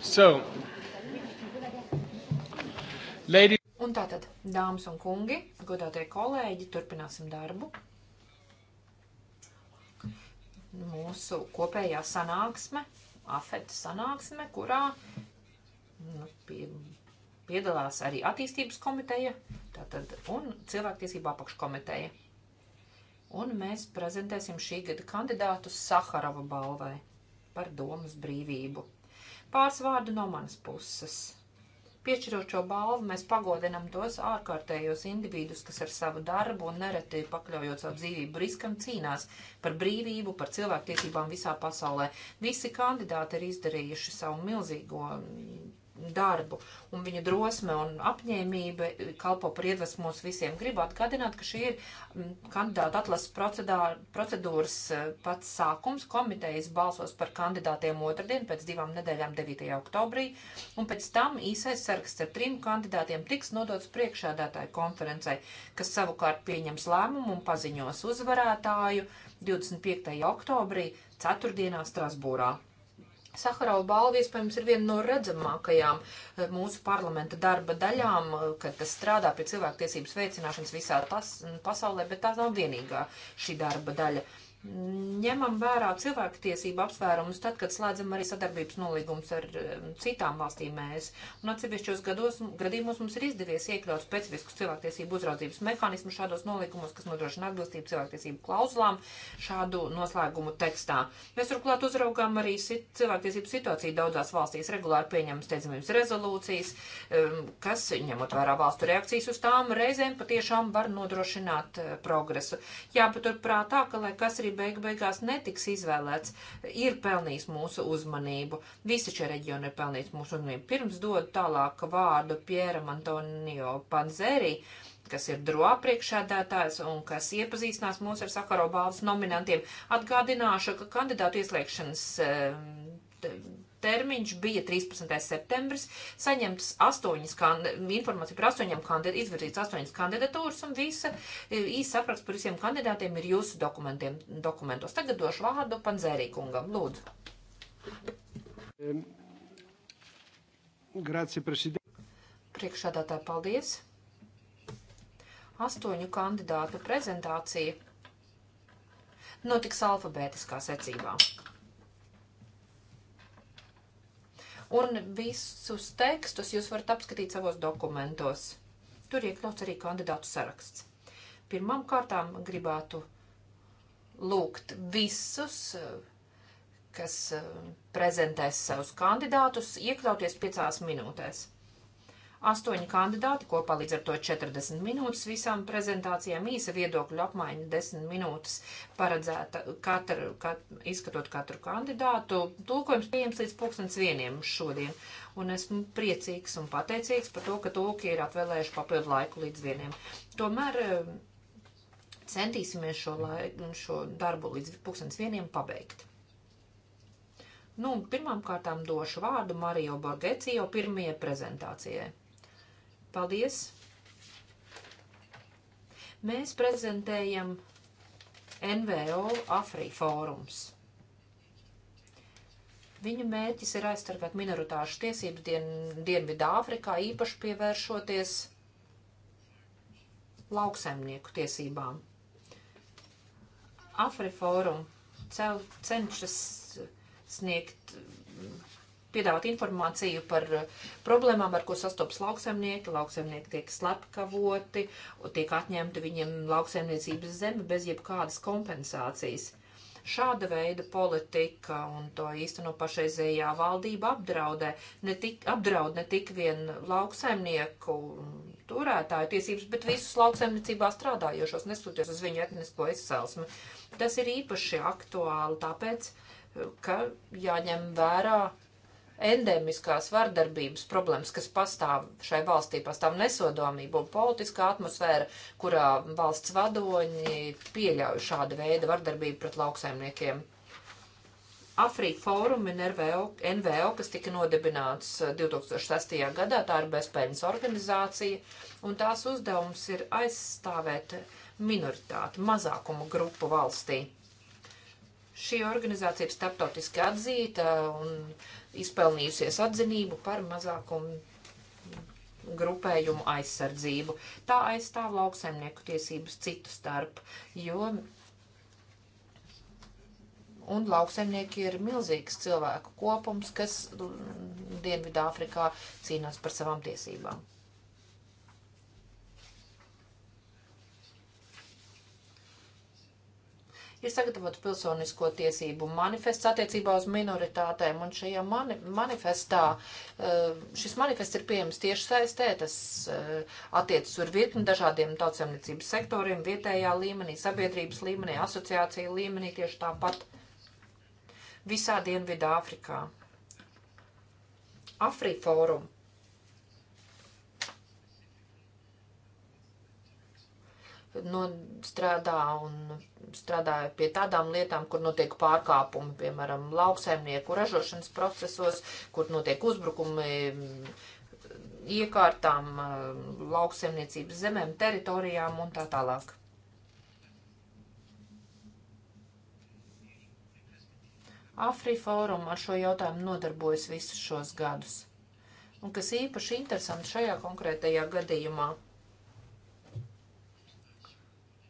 So, lady... Un tātad, dāmas un kungi, godātie kolēģi, turpināsim darbu. Mūsu kopējā sanāksme, afeta sanāksme, kurā nu, pie, piedalās arī attīstības komiteja tātad, un cilvēktiesība apakškomiteja. Un mēs prezentēsim šī gada kandidātu Saharova balvai par domas brīvību. Pāris vārdi no manas puses. Piešķirot šo balvu, mēs pagodinam tos ārkārtējos individus, kas ar savu darbu un nereti pakļaujot savu dzīvību riskam cīnās par brīvību, par cilvēktiesībām visā pasaulē. Visi kandidāti ir izdarījuši savu milzīgo darbu, un viņa drosme un apņēmība kalpo par iedvesmu mums visiem. Gribu atgādināt, ka šī ir mm, kandidāta atlases procedūras eh, pats sākums. Komitejas balsos par kandidātiem otrdien pēc divām nedēļām 9. oktobrī, un pēc tam īsais saraksts ar trim kandidātiem tiks nodots priekšādātāju konferencei, kas savukārt pieņems lēmumu un paziņos uzvarētāju 25. oktobrī, ceturtdienā Strasbūrā. Saharau balva iespējams ir viena no redzamākajām eh, mūsu parlamenta darba daļām, eh, kad tas strādā pie cilvēktiesības veicināšanas visā tas, pasaulē, bet tā nav vienīgā šī darba daļa ņemam vērā cilvēktiesību apsvērumus tad, kad slēdzam arī sadarbības nolīgums ar citām valstīm mēs. Un atsevišķos gados, gadījumos mums ir izdevies iekļaut specifiskus cilvēktiesību uzraudzības mehānismus šādos nolīgumos, kas nodrošina atbilstību cilvēktiesību klauzulām šādu noslēgumu tekstā. Mēs turklāt uzraugām arī sit, cilvēktiesību situāciju daudzās valstīs, regulāri pieņemam steidzamības rezolūcijas, kas, ņemot vērā valstu reakcijas uz tām, reizēm patiešām var nodrošināt eh, progresu. Jāpaturprātā, ka, lai kas arī arī beig beigās netiks izvēlēts, ir pelnījis mūsu uzmanību. Visi šie reģioni ir pelnījuši mūsu uzmanību. Pirms dod tālāk vārdu Pieram Antonio Panzeri, kas ir droā priekšēdētājs un kas iepazīstinās mūs ar Sakaro balvas nominantiem. Atgādināšu, ka kandidātu ieslēgšanas. Uh, termiņš bija 13. septembris, saņemts astoņas informācija par astoņiem kandidātiem, izvirzīts astoņas kandidatūras un visa e, īsa apraksts par visiem kandidātiem ir jūsu dokumentiem, dokumentos. Tagad došu vārdu Panzērīkungam. Lūdzu. Grazie, prezident. Priekšādātāji, paldies. Astoņu kandidātu prezentācija notiks alfabētiskā secībā. Un visus tekstus jūs varat apskatīt savos dokumentos. Tur iekļauts arī kandidātu saraksts. Pirmām kārtām gribētu lūgt visus, eh, kas eh, prezentēs savus kandidātus, iekļauties piecās minūtēs astoņi kandidāti, kopā līdz ar to 40 minūtes visām prezentācijām, īsa viedokļu apmaiņa 10 minūtes paredzēta katru, kat, izskatot katru kandidātu. Tulkojums pieejams līdz pulkstens vieniem šodien, un esmu priecīgs un pateicīgs par to, ka tulki ir atvēlējuši papildu laiku līdz vieniem. Tomēr eh, centīsimies šo, laiku, šo darbu līdz pulkstens vieniem pabeigt. Nu, pirmām kārtām došu vārdu Mario Borgecijo pirmajai prezentācijai. Paldies! Mēs prezentējam NVO Afrika fórums. Viņa mērķis ir aizstargāt minoritāšu tiesības dien, Dienvidā Afrikā, īpaši pievēršoties lauksaimnieku tiesībām. Afrifórum cenšas sniegt piedāvāt informāciju par eh, problēmām, ar ko sastopas lauksaimnieki. Lauksaimnieki tiek slepkavoti, tiek atņemta viņiem lauksaimniecības zeme bez jebkādas kompensācijas. Šāda veida politika un to īsteno pašreizējā valdība apdraudē ne tik, apdraud ne tik vien lauksaimnieku turētāju tiesības, bet visus lauksaimniecībā strādājošos, neskatoties uz viņu etnisko izcelsmi. Tas ir īpaši aktuāli tāpēc, eh, ka jāņem vērā endemiskās vardarbības problēmas, kas pastāv šai valstī, pastāv nesodomība un politiskā atmosfēra, kurā valsts vadoņi pieļauj šāda veida vardarbību pret lauksaimniekiem. Afrika fórumi NVO, NVO, kas tika nodibināts 2006. Eh, gadā, tā ir bezpēļņas organizācija, un tās uzdevums ir aizstāvēt minoritāti, mazākumu grupu valstī. Šī organizācija ir starptautiski atzīta un izpelnījusies atzinību par mazākumu grupējumu aizsardzību. Tā aizstāv lauksaimnieku tiesības citu starp, jo un lauksaimnieki ir milzīgs cilvēku kopums, kas Dienvidāfrikā cīnās par savām tiesībām. ir sagatavot pilsonisko tiesību manifestu attiecībā uz minoritātēm. Un šajā mani manifestā, eh, šis manifests ir pieejams tieši saistē, tas eh, attiecas uz virkni dažādiem tautsemniecības sektoriem, vietējā līmenī, sabiedrības līmenī, asociācija līmenī, tieši tāpat visā Dienvidā Afrikā. Afrifórumu nu, strādā un strādāja pie tādām lietām, kur notiek pārkāpumi, piemēram, lauksaimnieku ražošanas procesos, kur notiek uzbrukumi iekārtām, lauksaimniecības zemēm, teritorijām un tā tālāk. Afri fórum ar šo jautājumu nodarbojas visus šos gadus. Un kas īpaši interesanti šajā konkrētajā gadījumā –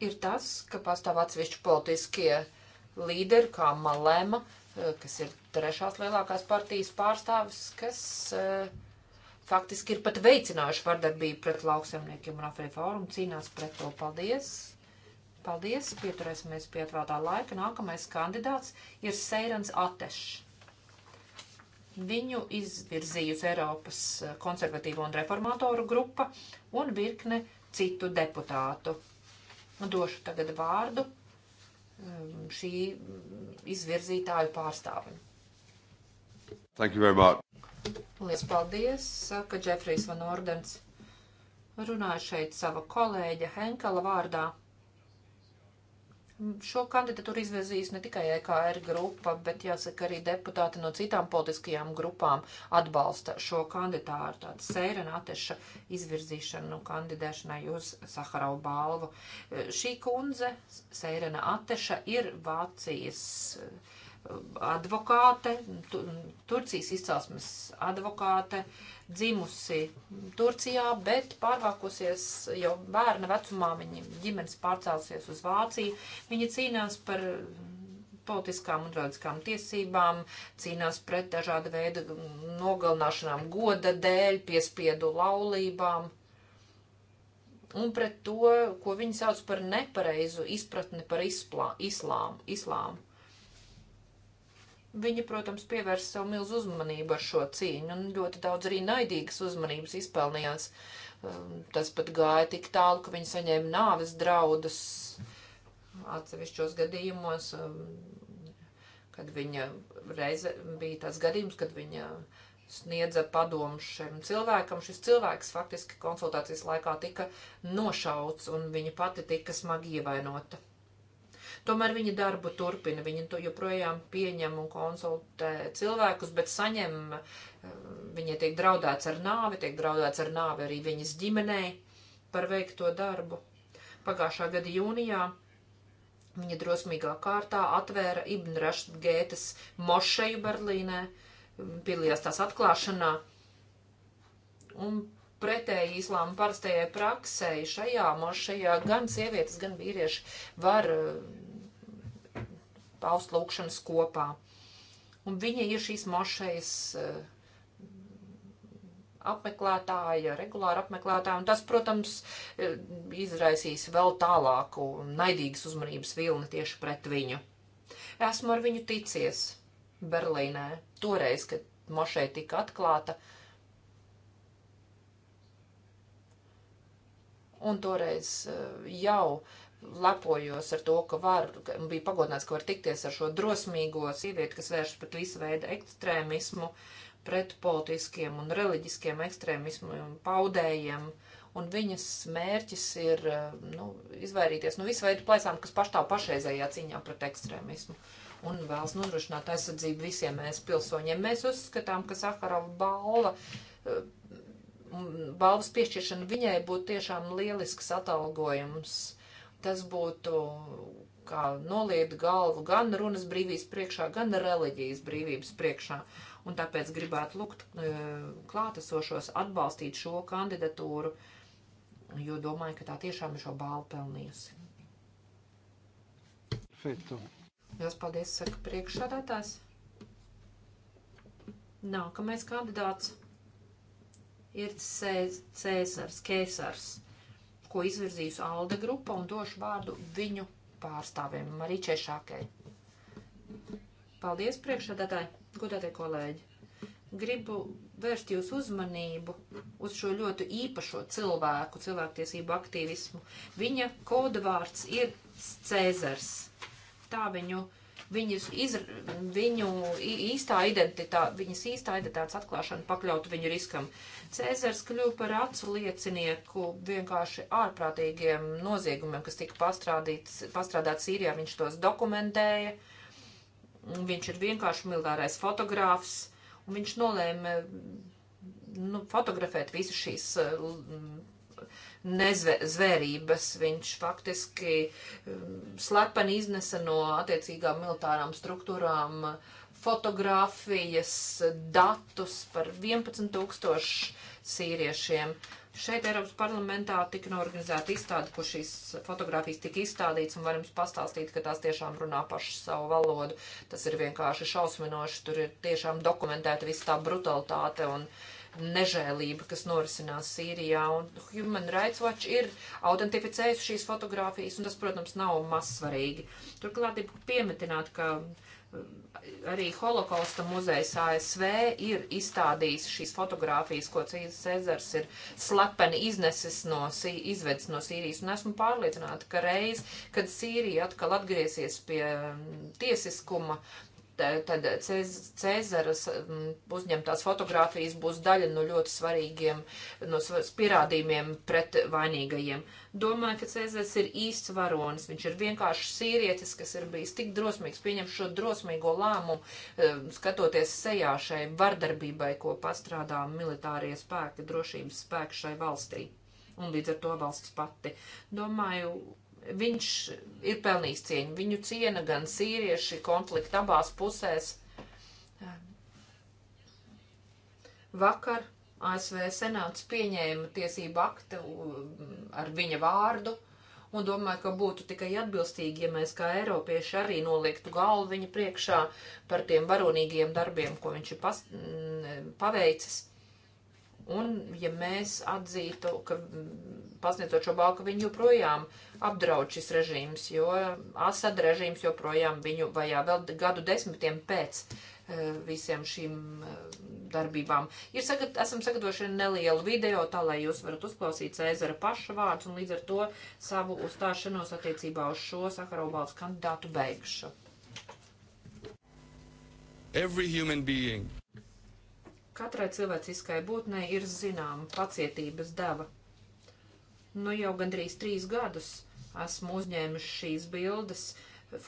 ir tas, ka pastāv atsevišķi politiskie līderi, kā Malema, eh, kas ir trešās lielākās partijas pārstāvis, kas eh, faktiski ir pat veicinājuši vardarbību pret lauksemniekiem un Afrika fórumu cīnās pret to. Paldies! Paldies! Pieturēsimies pie atvēltā laika. Nākamais kandidāts ir Seirans Atešs. Viņu izvirzījusi Eiropas eh, konservatīvo un reformātoru grupa un virkne citu deputātu. Došu tagad vārdu um, šī izvirzītāju pārstāvim. Thank you very much. Lielas paldies, saka Džefrijs Van Ordens. Runāju šeit sava kolēģa Henkala vārdā. Šo kandidatūru izvirzīs ne tikai EKR grupa, bet jāsaka arī deputāti no citām politiskajām grupām atbalsta šo kandidātu, tādu Sēra Nateša izvirzīšanu kandidēšanai uz Saharau balvu. Šī kundze, Sēra Nateša, ir Vācijas uh, advokāte, tu, Turcijas izcelsmes advokāte, dzimusi Turcijā, bet pārvākusies jau bērna vecumā, viņa ģimenes pārcēlusies uz Vāciju. Viņa cīnās par politiskām un reliģiskām tiesībām, cīnās pret dažāda veida nogalināšanām goda dēļ, piespiedu laulībām un pret to, ko viņi sauc par nepareizu izpratni par isplā, islām, islāmu. Viņi, protams, pievērsa savu milzu uzmanību ar šo cīņu, un ļoti daudz arī naidīgas uzmanības izpelnījās. Um, tas pat gāja tik tālu, ka viņi saņēma nāves draudus atsevišķos gadījumos, um, kad viņa reize bija tāds gadījums, kad viņa sniedza padomu šim cilvēkam. Šis cilvēks faktiski konsultācijas laikā tika nošauts, un viņa pati tika smagi ievainota. Tomēr viņi darbu turpina, viņi to joprojām pieņem un konsultē cilvēkus, bet saņem, eh, viņi tiek draudēts ar nāvi, tiek draudēts ar nāvi arī viņas ģimenei par veikto darbu. Pagājušā gada jūnijā viņa drosmīgā kārtā atvēra Ibn Rašd Gētas mošeju Berlīnē, mm, piedalījās tās atklāšanā un pretēji islāma parastajai praksei šajā mošajā gan sievietes, gan vīrieši var eh, paust lūkšanas kopā. Un viņa ir šīs mošais eh, apmeklētāja, regulāra apmeklētāja, un tas, protams, eh, izraisīs vēl tālāku naidīgas uzmanības vilni tieši pret viņu. Esmu ar viņu ticies Berlīnē, toreiz, kad mošai tika atklāta, un toreiz eh, jau uh, Lepojos ar to, ka var, bija pagodināts, ka var tikties ar šo drosmīgo sievieti, kas vērš pret visu veidu ekstrēmismu, pret politiskiem un reliģiskiem ekstrēmismu paudējiem. Un viņas mērķis ir eh, nu, izvairīties no nu, visu veidu plēsām, kas pastāv pašreizējā cīņā pret ekstrēmismu un vēlas nodrošināt aizsardzību visiem mēs pilsoņiem. Mēs uzskatām, ka Sakarava balva, eh, balvas piešķiršana viņai būtu tiešām lielisks atalgojums Tas būtu kā noliet galvu gan runas brīvības priekšā, gan reliģijas brīvības priekšā. Un tāpēc gribētu lūgt e, klātesošos atbalstīt šo kandidatūru, jo domāju, ka tā tiešām ir šo balvu pelnījusi. Perfekto. Jūs paldies, saka priekšsādātājs. Nākamais kandidāts ir Cēzars, Kēsars ko izvirzījusi Alde grupa, un došu vārdu viņu pārstāvēm, Maričai Šākai. Paldies, priekšsēdētāji, godātie kolēģi. Gribu vērst jūsu uzmanību uz šo ļoti īpašo cilvēku, cilvēktiesību aktīvismu. Viņa kodvārds ir Cēzars. Tā viņu uh, viņus izr, viņu īstā identitāte, viņas īstā identitātes atklāšana pakļautu viņu riskam. Cēzars kļuva par acu liecinieku vienkārši ārprātīgiem noziegumiem, kas tika pastrādīts, pastrādāts Sīrijā, viņš tos dokumentēja. Viņš ir vienkārši militārais fotogrāfs, un viņš nolēma nu, fotografēt visu šīs uh, nezvērības. Viņš faktiski um, slepeni iznesa no attiecīgām militārām struktūrām fotografijas, datus par 11 tūkstošu sīriešiem. Šeit Eiropas parlamentā tika norganizēta izstāde, kur šīs fotogrāfijas tika izstādīts, un varam pastāstīt, ka tās tiešām runā pašu savu valodu. Tas ir vienkārši šausminoši, tur ir tiešām dokumentēta viss tā brutalitāte un uh, nežēlība, kas norisinās Sīrijā. Un Human Rights Watch ir autentificējusi šīs fotogrāfijas, un tas, protams, nav mazsvarīgi. Turklāt ir piemetināt, ka uh, arī Holokausta muzejs ASV ir izstādījis šīs fotogrāfijas, ko Cēzars ir slepeni iznesis no, izvedis no Sīrijas. Un esmu pārliecināta, ka reiz, kad Sīrija atkal atgriezies pie um, tiesiskuma, uh, tad Cezaras uzņemtās fotogrāfijas būs daļa no ļoti svarīgiem no pierādījumiem pret vainīgajiem. Domāju, ka Cezars ir īsts varonis. Viņš ir vienkārši sīrietis, kas ir bijis tik drosmīgs, pieņem šo drosmīgo lēmumu, e, skatoties sejā šai vardarbībai, ko pastrādā militārie spēki, drošības spēki šai valstī. Un līdz ar to valsts pati. Domāju, viņš ir pelnījis cieņu. Viņu ciena gan sīrieši konflikta abās pusēs. Vakar ASV senāts pieņēma tiesību aktu mm, ar viņa vārdu un domāju, ka būtu tikai atbilstīgi, ja mēs kā eiropieši arī noliektu galvu viņa priekšā par tiem varonīgiem darbiem, ko viņš ir pas, mm, paveicis. Un ja mēs atzītu, ka mm, pasniedzot šo balku, viņi joprojām uh, apdraud šis režīms, jo eh, Asad režīms joprojām viņu vajā vēl gadu desmitiem pēc eh, visiem šīm eh, darbībām. Ir sagad, esam sagatavojuši nelielu video, tā lai jūs varat uzklausīt Cēzara paša vārdus un līdz ar to savu uzstāšanos attiecībā uz šo Sakarobalts kandidātu beigšu. Every human being. Katrai cilvēciskai būtnei ir zināma pacietības deva. Nu jau gandrīz trīs gadus Esmu uzņēmis šīs bildes,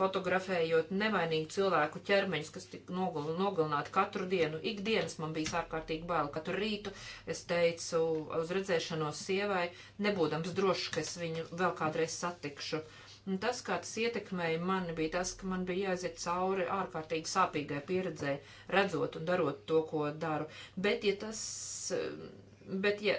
fotografējot nevainīgu cilvēku ķermeņus, kas tika nogal, nogalināti katru dienu. Ikdienas man bija ārkārtīgi bail. Katru rītu es teicu uz redzēšanos sievai, nebūdams drošs, ka es viņu vēl kādreiz satikšu. Un tas, kā tas ietekmēja mani, bija tas, ka man bija jāiziet cauri ārkārtīgi sāpīgai pieredzē, redzot un darot to, ko daru. Bet, ja tas, bet, ja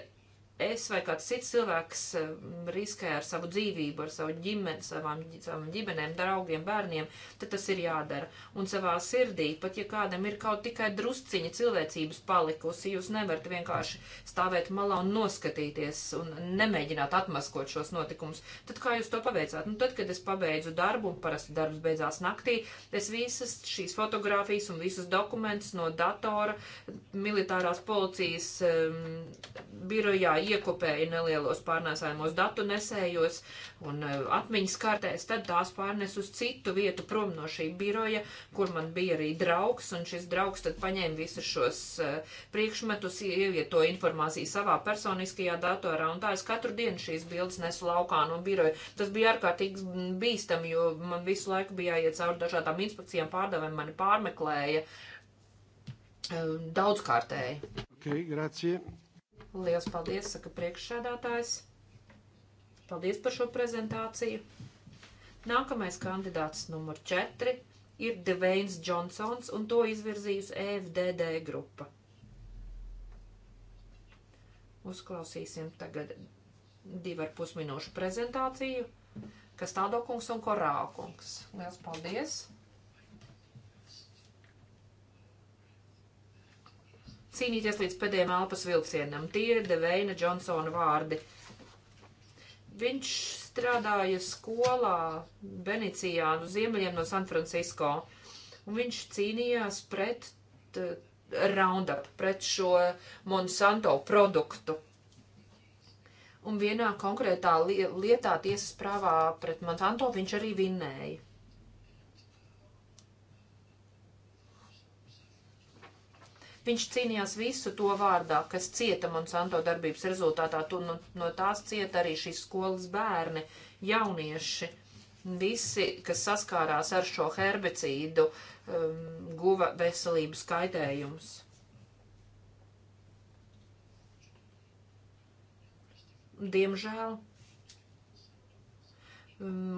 es vai kāds cits cilvēks mm, riskē ar savu dzīvību, ar savu ģimeni, savām, savām ģimenēm, draugiem, bērniem, tad tas ir jādara. Un savā sirdī, pat ja kādam ir kaut tikai drusciņa cilvēcības palikusi, jūs nevarat vienkārši stāvēt malā un noskatīties un nemēģināt atmaskot šos notikumus. Tad kā jūs to paveicāt? Nu, tad, kad es pabeidzu darbu, un parasti darbs beidzās naktī, es visas šīs fotogrāfijas un visus dokumentus no datora militārās policijas um, birojā iekopēja nelielos pārnēsājumos datu nesējos un e, atmiņas kartēs, tad tās pārnes uz citu vietu prom no šī biroja, kur man bija arī draugs, un šis draugs tad paņēma visus šos e, priekšmetus, ievieto informāciju savā personiskajā datorā, un tā es katru dienu šīs bildes nesu laukā no biroja. Tas bija ārkārtīgi bīstami, jo man visu laiku bija jāiet cauri dažādām inspekcijām, pārdevēm mani pārmeklēja e, daudzkārtēji. Okay, grazie. Lielas paldies, saka priekšsēdētājs. Paldies par šo prezentāciju. Nākamais kandidāts numur 4 ir Deveins Džonsons, un to izvirzījusi EFDD grupa. Uzklausīsim tagad divu ar pusminūšu prezentāciju, kas tādo kungs un korā kungs. Liels paldies! cīnīties līdz pēdējiem elpas vilcienam. Tie ir Deveina Džonsona vārdi. Viņš strādāja skolā Benicijā, no ziemeļiem no San Francisco, un viņš cīnījās pret eh, Roundup, pret šo Monsanto produktu. Un vienā konkrētā lietā tiesas prāvā pret Monsanto viņš arī vinnēja. Viņš cīnījās visu to vārdā, kas cieta Monsanto darbības rezultātā. Tu, no, no tās cieta arī šīs skolas bērni, jaunieši. Visi, kas saskārās ar šo herbicīdu, um, guva veselības kaitējumus. Diemžēl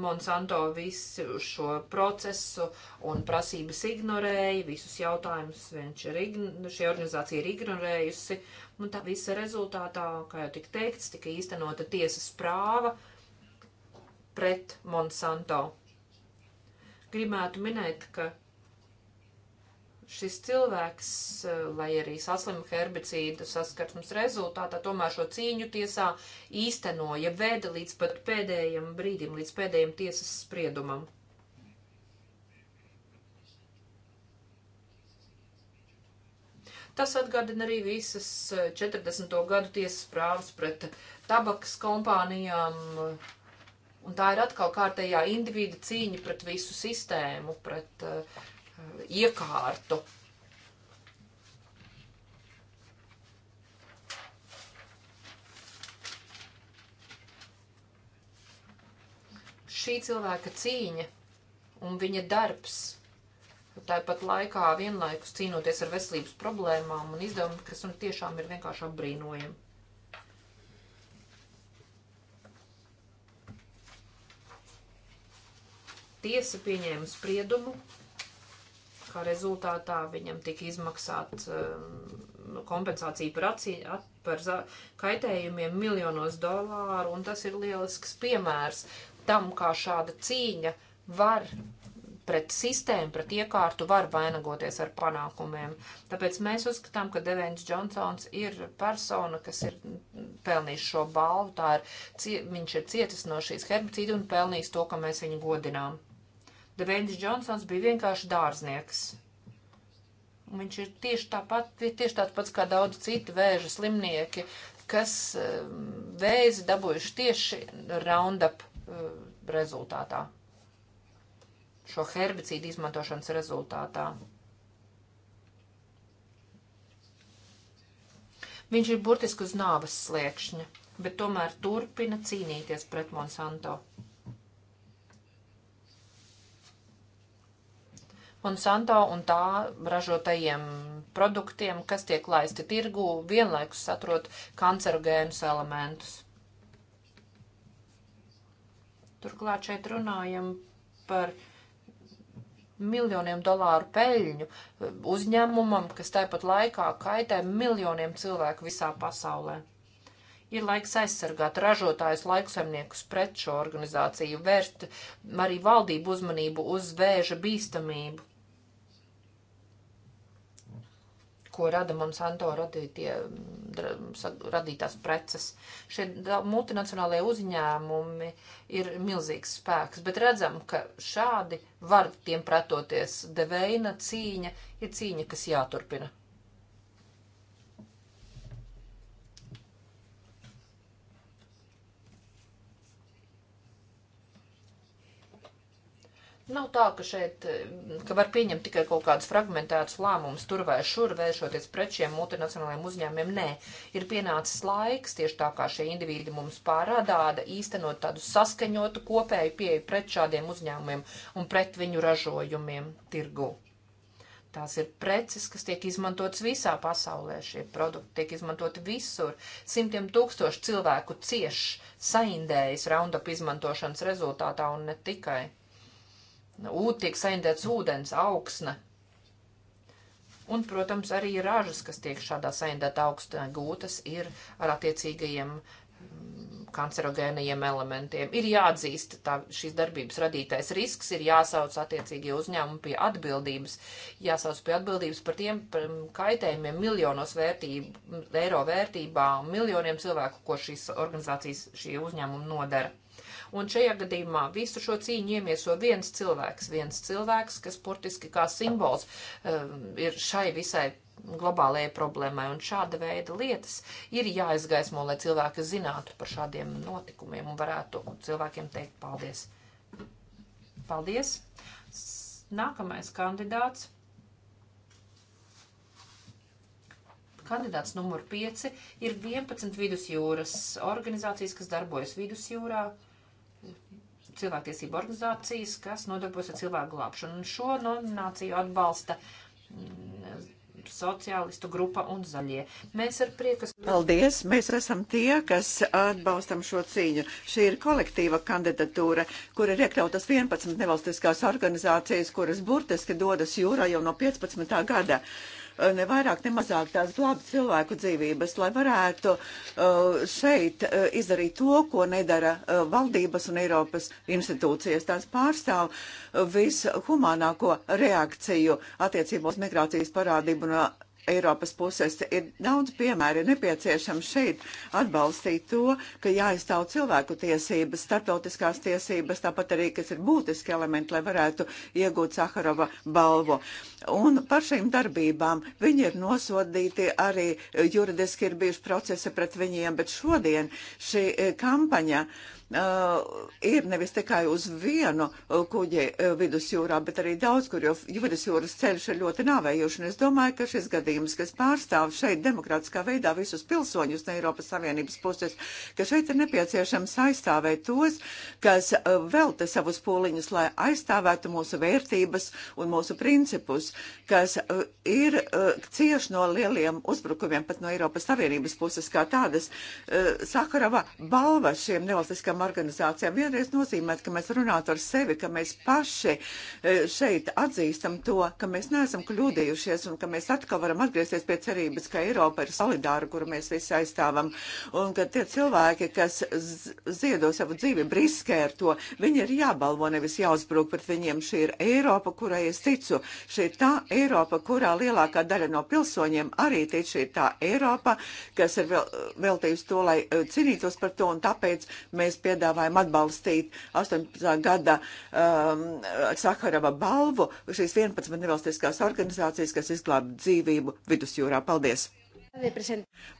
Monsanto visu šo procesu un prasības ignorēja, visus jautājumus viņš ir, šī organizācija ir ignorējusi, un tā visa rezultātā, kā jau tik teikts, tika īstenota tiesas prāva pret Monsanto. Gribētu minēt, ka šis cilvēks, eh, lai arī saslimu herbicīdu saskarsmes rezultātā, tomēr šo cīņu tiesā īstenoja, veda līdz pat pēdējiem brīdim, līdz pēdējiem tiesas spriedumam. Tas atgādina arī visas 40. Eh, gadu tiesas prāvas pret tabakas kompānijām, eh, un tā ir atkal kārtējā individa cīņa pret visu sistēmu, pret uh, iekārtu. Šī cilvēka cīņa un viņa darbs, tāpat laikā vienlaikus cīnoties ar veselības problēmām un izdevumiem, kas man nu tiešām ir vienkārši apbrīnojami. Tiesa pieņēma spriedumu, kā rezultātā viņam tika izmaksāts um, nu, kompensācija par, acī, par kaitējumiem miljonos dolāru, un tas ir lielisks piemērs tam, kā šāda cīņa var pret sistēmu, pret iekārtu var vainagoties ar panākumiem. Tāpēc mēs uzskatām, ka Devens Džonsons ir persona, kas ir pelnījis šo balvu, tā ir, viņš ir cietis no šīs herbicīdu un pelnījis to, ka mēs viņu godinām. Dveins Džonsons bija vienkārši dārznieks. Viņš ir tieši, tāpat, tieši tāds pats kā daudz citu vēža slimnieki, kas um, vēzi dabūjuši tieši Roundup uh, rezultātā. Šo herbicīdu izmantošanas rezultātā. Viņš ir burtiski uz nāves sliekšņa, bet tomēr turpina cīnīties pret Monsanto. Monsanto un tā ražotajiem produktiem, kas tiek laisti tirgū, vienlaikus satrot kancerogēnus elementus. Turklāt šeit runājam par miljoniem dolāru peļņu uzņēmumam, kas tāpat laikā kaitē miljoniem cilvēku visā pasaulē. Ir laiks aizsargāt ražotājus, laiksaimniekus pret šo organizāciju, vērst arī valdību uzmanību uz vēža bīstamību. ko rada Monsanto radītie, mm, radītās preces. Šie multinacionālajie uzņēmumi ir milzīgs spēks, bet redzam, ka šādi var tiem pretoties. Deveina cīņa ir cīņa, kas jāturpina. Nav tā, ka šeit ka var pieņemt tikai kaut kādus fragmentētus lēmumus tur vai šur, vēršoties pret šiem multinacionālajiem uzņēmumiem. Nē, ir pienācis laiks, tieši tā kā šie individi mums pārādāda, īstenot tādu saskaņotu kopēju pieeju pret šādiem uzņēmumiem un pret viņu ražojumiem tirgu. Tās ir preces, kas tiek izmantotas visā pasaulē. Šie produkti tiek izmantoti visur. Simtiem tūkstoši cilvēku cieš saindējas raundapu izmantošanas rezultātā un ne tikai. Nu, Ūd tiek saindēts ūdens, augsne. Un, protams, arī ražas, kas tiek šādā saindēta augstnē gūtas, ir ar attiecīgajiem mm, kancerogēnajiem elementiem. Ir jāatzīst tā, šīs darbības radītais risks, ir jāsauc attiecīgie uzņēmumi pie atbildības, jāsauc pie atbildības par tiem par kaitējumiem miljonos vērtību, eiro vērtībā un miljoniem cilvēku, ko šīs organizācijas, šie uzņēmumi nodara. Un šajā gadījumā visu šo cīņu iemieso viens cilvēks, viens cilvēks, kas portiski kā simbols um, ir šai visai globālajai problēmai. Un šāda veida lietas ir jāizgaismo, lai cilvēki zinātu par šādiem notikumiem un varētu cilvēkiem teikt paldies. Paldies! Nākamais kandidāts Kandidāts numur 5 ir 11 vidusjūras organizācijas, kas darbojas vidusjūrā, cilvēktiesību organizācijas, kas nodarbojas ar cilvēku glābšanu. Un šo nomināciju atbalsta mm, sociālistu grupa un zaļie. Mēs ar prieku. Paldies! Mēs esam tie, kas atbalstam šo cīņu. Šī ir kolektīva kandidatūra, kur ir iekļautas 11 nevalstiskās organizācijas, kuras burtiski dodas jūrā jau no 15. gada. Uh, Eh, ne vairāk, ne mazāk tās glābt cilvēku dzīvības, lai varētu eh, šeit eh, izdarīt to, ko nedara valdības un Eiropas institūcijas. Tās pārstāv vishumānāko reakciju attiecībā uz migrācijas parādību no Eiropas puses ir daudz piemēri nepieciešams šeit atbalstīt to, ka jāizstāv cilvēku tiesības, starptautiskās tiesības, tāpat arī, kas ir būtiski elementi, lai varētu iegūt Saharova balvu. Un par šīm darbībām viņi ir nosodīti arī juridiski ir bijuši procesi pret viņiem, bet šodien šī eh, kampaņa. Uh, ir nevis tikai uz vienu kuģi vidusjūrā, bet arī daudz, kur jau vidusjūras ceļš ir ļoti nāvējuši. Un es domāju, ka šis gadījums, kas pārstāv šeit demokrātiskā veidā visus pilsoņus no Eiropas Savienības puses, ka šeit ir nepieciešams aizstāvēt tos, kas velta savus pūliņus, lai aizstāvētu mūsu vērtības un mūsu principus, kas ir cieši no lieliem uzbrukumiem pat no Eiropas Savienības puses kā tādas. Sakarava balva šiem nevalstiskam citām organizācijām vienreiz nozīmē, ka mēs runātu ar sevi, ka mēs paši e, šeit atzīstam to, ka mēs neesam kļūdījušies un ka mēs atkal varam atgriezties pie cerības, ka Eiropa ir solidāra, kuru mēs visi aizstāvam. Un ka tie cilvēki, kas ziedo savu dzīvi, briskē ar to, viņi ir jābalvo, nevis jāuzbruk pret viņiem. Šī ir Eiropa, kurai es ticu. Šī ir tā Eiropa, kurā lielākā daļa no pilsoņiem arī tic. Šī ir tā Eiropa, kas ir vēl, veltījusi to, lai e, cīnītos par to, un tāpēc mēs piedāvājam atbalstīt 18. gada um, Sakarava balvu šīs 11 nevalstiskās organizācijas, kas izglāba dzīvību vidusjūrā. Paldies!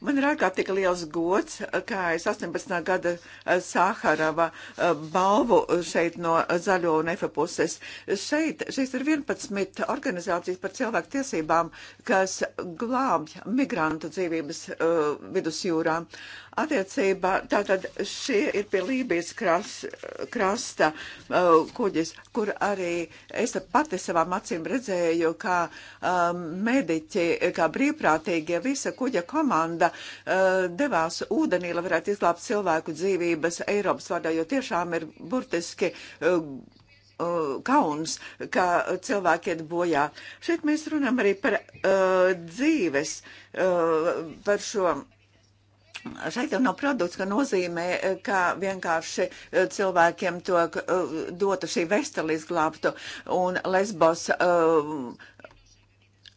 Man ir ārkārtīgi liels gods, kā es 18. gada eh, Sāharava eh, balvu šeit no zaļo un efa puses. Šeit šīs ir 11 organizācijas par cilvēku tiesībām, kas glābj migrantu dzīvības uh, vidusjūrā. Attiecībā tātad šie ir pie Lībijas kras, krasta uh, kuģis, kur arī es pati savām acīm redzēju, kā um, mediķi, kā brīvprātīgie visa kuģi kuģa komanda uh, devās ūdenī, lai varētu izglābt cilvēku dzīvības Eiropas vārdā, jo tiešām ir burtiski uh, kauns, ka cilvēki iet bojā. Šeit mēs runājam arī par uh, dzīves, uh, par šo. Šeit jau nav produkts, ka nozīmē, ka vienkārši cilvēkiem to uh, dotu šī vestela izglābtu un lesbos. Uh,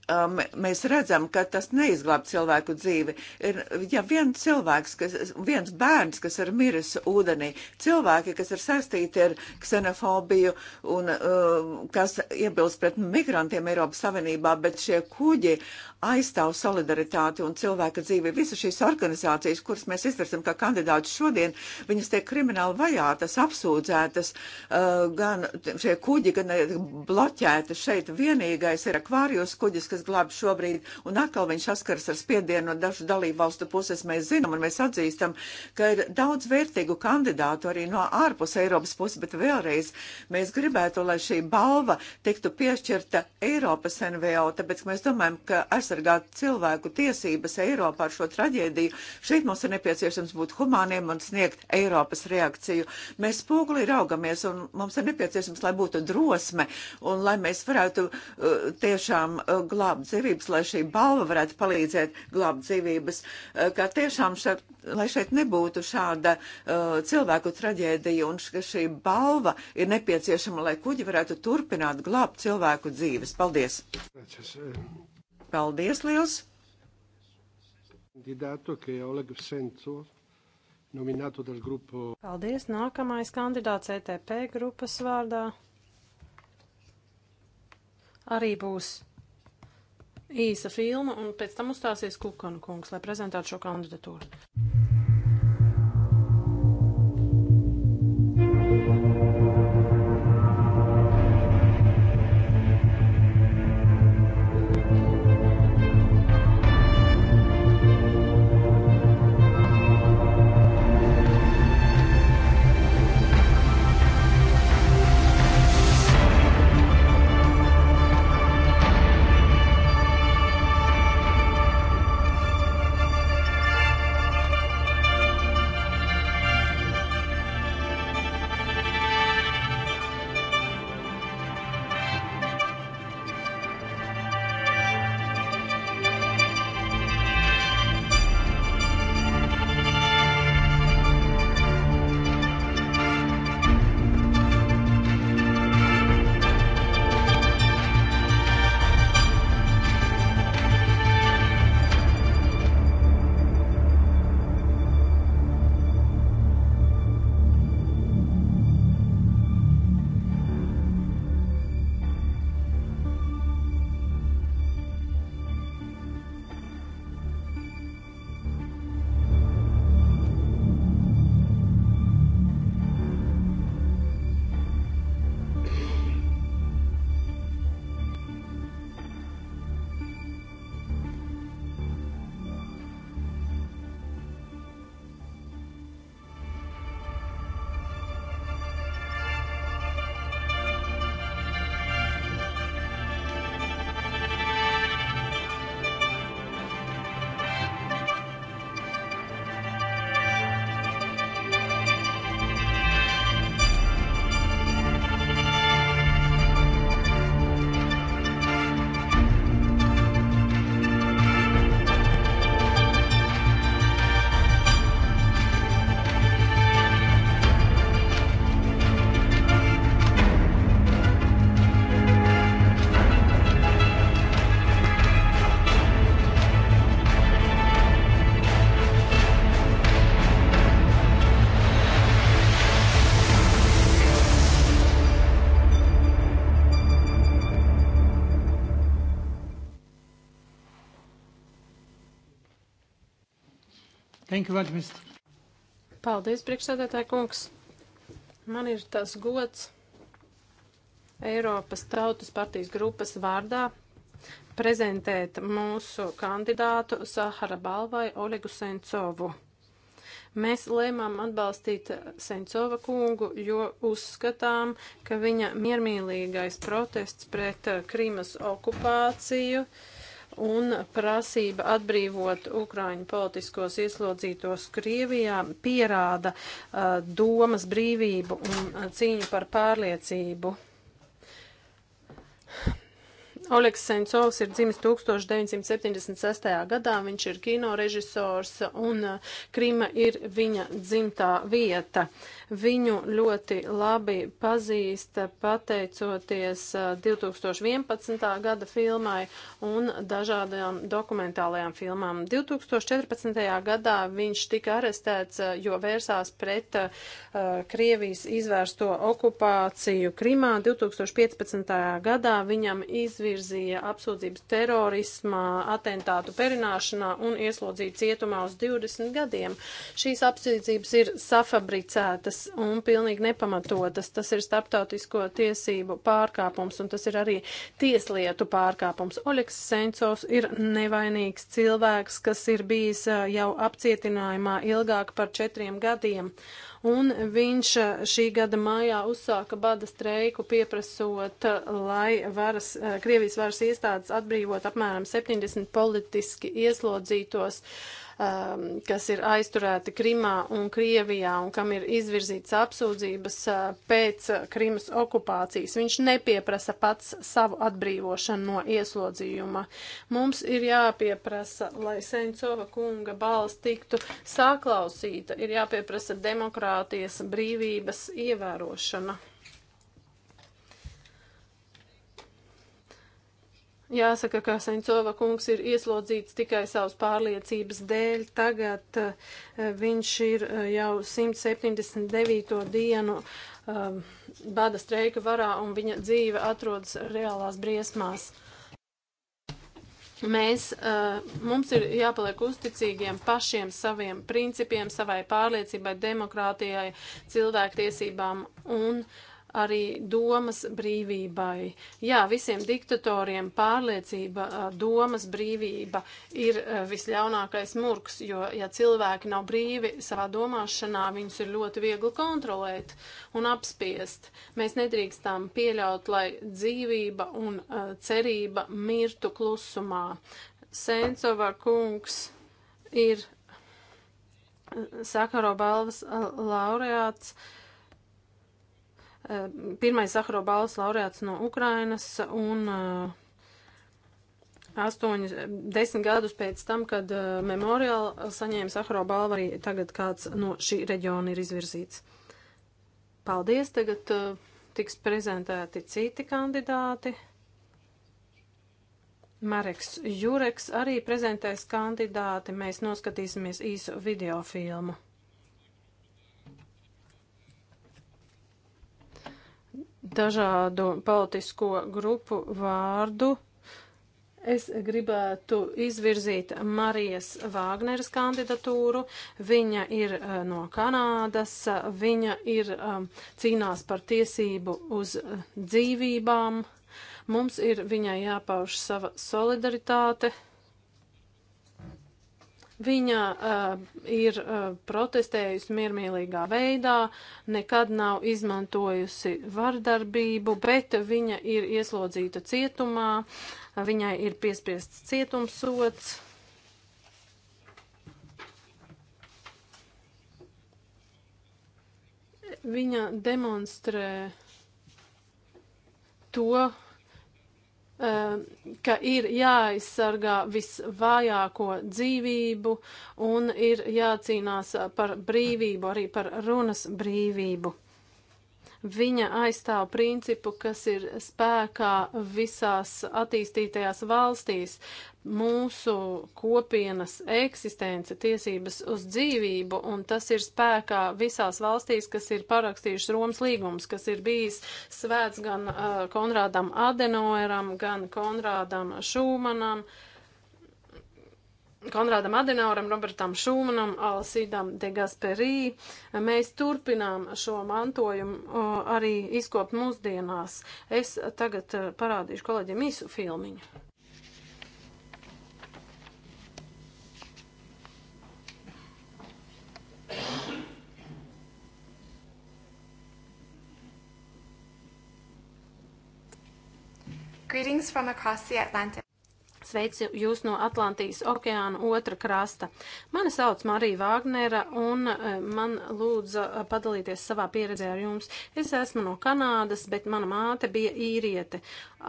mēs redzam, ka tas neizglāb cilvēku dzīvi. Ir, ja viens cilvēks, kas, viens bērns, kas ir miris ūdenī, cilvēki, kas ir saistīti ar ksenofobiju un uh, kas iebilst pret migrantiem Eiropas Savienībā, bet šie kuģi aizstāv solidaritāti un cilvēka dzīvi. Visas šīs organizācijas, kuras mēs izvirsim kā kandidātus šodien, viņas tiek krimināli vajātas, apsūdzētas, uh, gan šie kuģi, gan bloķēti. Šeit vienīgais ir akvārijos kuģis, kas kas glāb šobrīd, un atkal viņš saskars ar spiedienu no dažu dalībvalstu puses. Mēs zinām un mēs atzīstam, ka ir daudz vērtīgu kandidātu arī no ārpus Eiropas puses, bet vēlreiz mēs gribētu, lai šī balva tiktu piešķirta Eiropas NVO, tāpēc mēs domājam, ka aizsargāt cilvēku tiesības Eiropā ar šo traģēdiju, šeit mums ir nepieciešams būt humāniem un sniegt Eiropas reakciju. Mēs spoguli raugamies un mums ir nepieciešams, lai būtu drosme un lai mēs varētu uh, tiešām uh, glābt glābt dzīvības, lai šī balva varētu palīdzēt glābt dzīvības, eh, ka tiešām šeit, lai šeit nebūtu šāda uh, cilvēku traģēdija un ka šī balva ir nepieciešama, lai kuģi varētu turpināt glābt cilvēku dzīves. Paldies! Eh. Paldies, Liels! Candidato che è Oleg Sentsov nominato dal gruppo. Paldies, nākamais kandidāts ETP grupas vārdā. Arī būs īsa filma, un pēc tam uzstāsies Kukana kungs, lai prezentētu šo kandidatūru. much, Paldies, priekšsēdētāji kungs. Man ir tas gods Eiropas Tautas partijas grupas vārdā prezentēt mūsu kandidātu Sahara balvai Olegu Sencovu. Mēs lēmām atbalstīt Sencova kungu, jo uzskatām, ka viņa miermīlīgais protests pret Krīmas okupāciju uh, un prasība atbrīvot Ukraiņu politiskos ieslodzītos Krievijā pierāda uh, domas brīvību un uh, cīņu par pārliecību. Oleks Sencovs ir dzimis 1976. gadā, viņš ir kino režisors un Krima ir viņa dzimtā vieta. Viņu ļoti labi pazīsta pateicoties 2011. gada filmai un dažādajām dokumentālajām filmām. 2014. gadā viņš tika arestēts, jo vērsās pret uh, Krievijas izvērsto okupāciju Krimā. 2015. gadā viņam izvirzīja izvirzīja apsūdzības terorismā, atentātu perināšanā un ieslodzīja cietumā uz 20 gadiem. Šīs apsūdzības ir safabricētas un pilnīgi nepamatotas. Tas ir starptautisko tiesību pārkāpums un tas ir arī tieslietu pārkāpums. Oļeks Sencovs ir nevainīgs cilvēks, kas ir bijis jau apcietinājumā ilgāk par četriem gadiem un viņš e, šī gada maijā uzsāka bada streiku pieprasot, e, lai varas, e, Krievijas varas iestādes atbrīvot apmēram 70 politiski ieslodzītos. Uh, Um, kas ir aizturēti Krimā un Krievijā un kam ir izvirzīts apsūdzības uh, pēc uh, Krimas okupācijas. Viņš nepieprasa pats savu atbrīvošanu no ieslodzījuma. Mums ir jāpieprasa, lai Sencova kunga balss tiktu saklausīta, ir jāpieprasa demokrātijas brīvības ievērošana. Jāsaka, ka Saņcova kungs ir ieslodzīts tikai savas pārliecības dēļ. Tagad uh, viņš ir uh, jau 179. dienu uh, bada streika varā un viņa dzīve atrodas reālās briesmās. Mēs, mums ir jāpaliek uzticīgiem pašiem saviem principiem, savai pārliecībai, demokrātijai, cilvēktiesībām un uh, arī domas brīvībai. Jā, visiem diktatoriem pārliecība, domas brīvība ir visļaunākais murgs, jo, ja cilvēki nav brīvi savā domāšanā, viņus ir ļoti viegli kontrolēt un apspiest. Mēs nedrīkstām pieļaut, lai dzīvība un cerība mirtu klusumā. Sencova kungs ir Sakaro balvas laureāts. Uh, Ehm, pirmais Zaharo balvas laureāts no Ukrainas un ehm, astoņus, desmit gadus pēc tam, kad ehm, memoriāli saņēma Saharo balvu, arī tagad kāds no šī reģiona ir izvirzīts. Paldies, tagad tiks prezentēti citi kandidāti. Mareks Jureks arī prezentēs kandidāti, mēs noskatīsimies īsu video filmu. dažādu politisko grupu vārdu. Es gribētu izvirzīt Marijas Vāgneres kandidatūru. Viņa ir eh, no Kanādas, viņa ir eh, cīnās par tiesību uz eh, dzīvībām. Mums ir viņai jāpauž sava solidaritāte Viņa uh, ir uh, protestējusi miermīlīgā veidā, nekad nav izmantojusi vardarbību, bet viņa ir ieslodzīta cietumā, viņai ir piespiests cietumsots. viņa demonstrē to, ka ir jāaizsargā visvājāko dzīvību un ir jācīnās par brīvību, arī par runas brīvību. Viņa aizstāv principu, kas ir spēkā visās attīstītajās valstīs. Mūsu kopienas eksistence, tiesības uz dzīvību, un tas ir spēkā visās valstīs, kas ir parakstījušas Romas līgumus, kas ir bijis svēts gan uh, Konrādam Adenoeram, gan Konrādam Šūmanam. Uh, Konrādam Adenauram, Robertam Šūmanam, Alsīdam de Gasperī. Mēs turpinām šo mantojumu arī izkopt mūsdienās. Es tagad e, parādīšu kolēģiem īsu filmiņu. Greetings from across the Atlantic. Sveicu jūs no Atlantijas okeāna otra krasta. Mani sauc Marija Vāgnera un e, man lūdza e, padalīties savā pieredzē ar jums. Es esmu no Kanādas, bet mana māte bija īriete.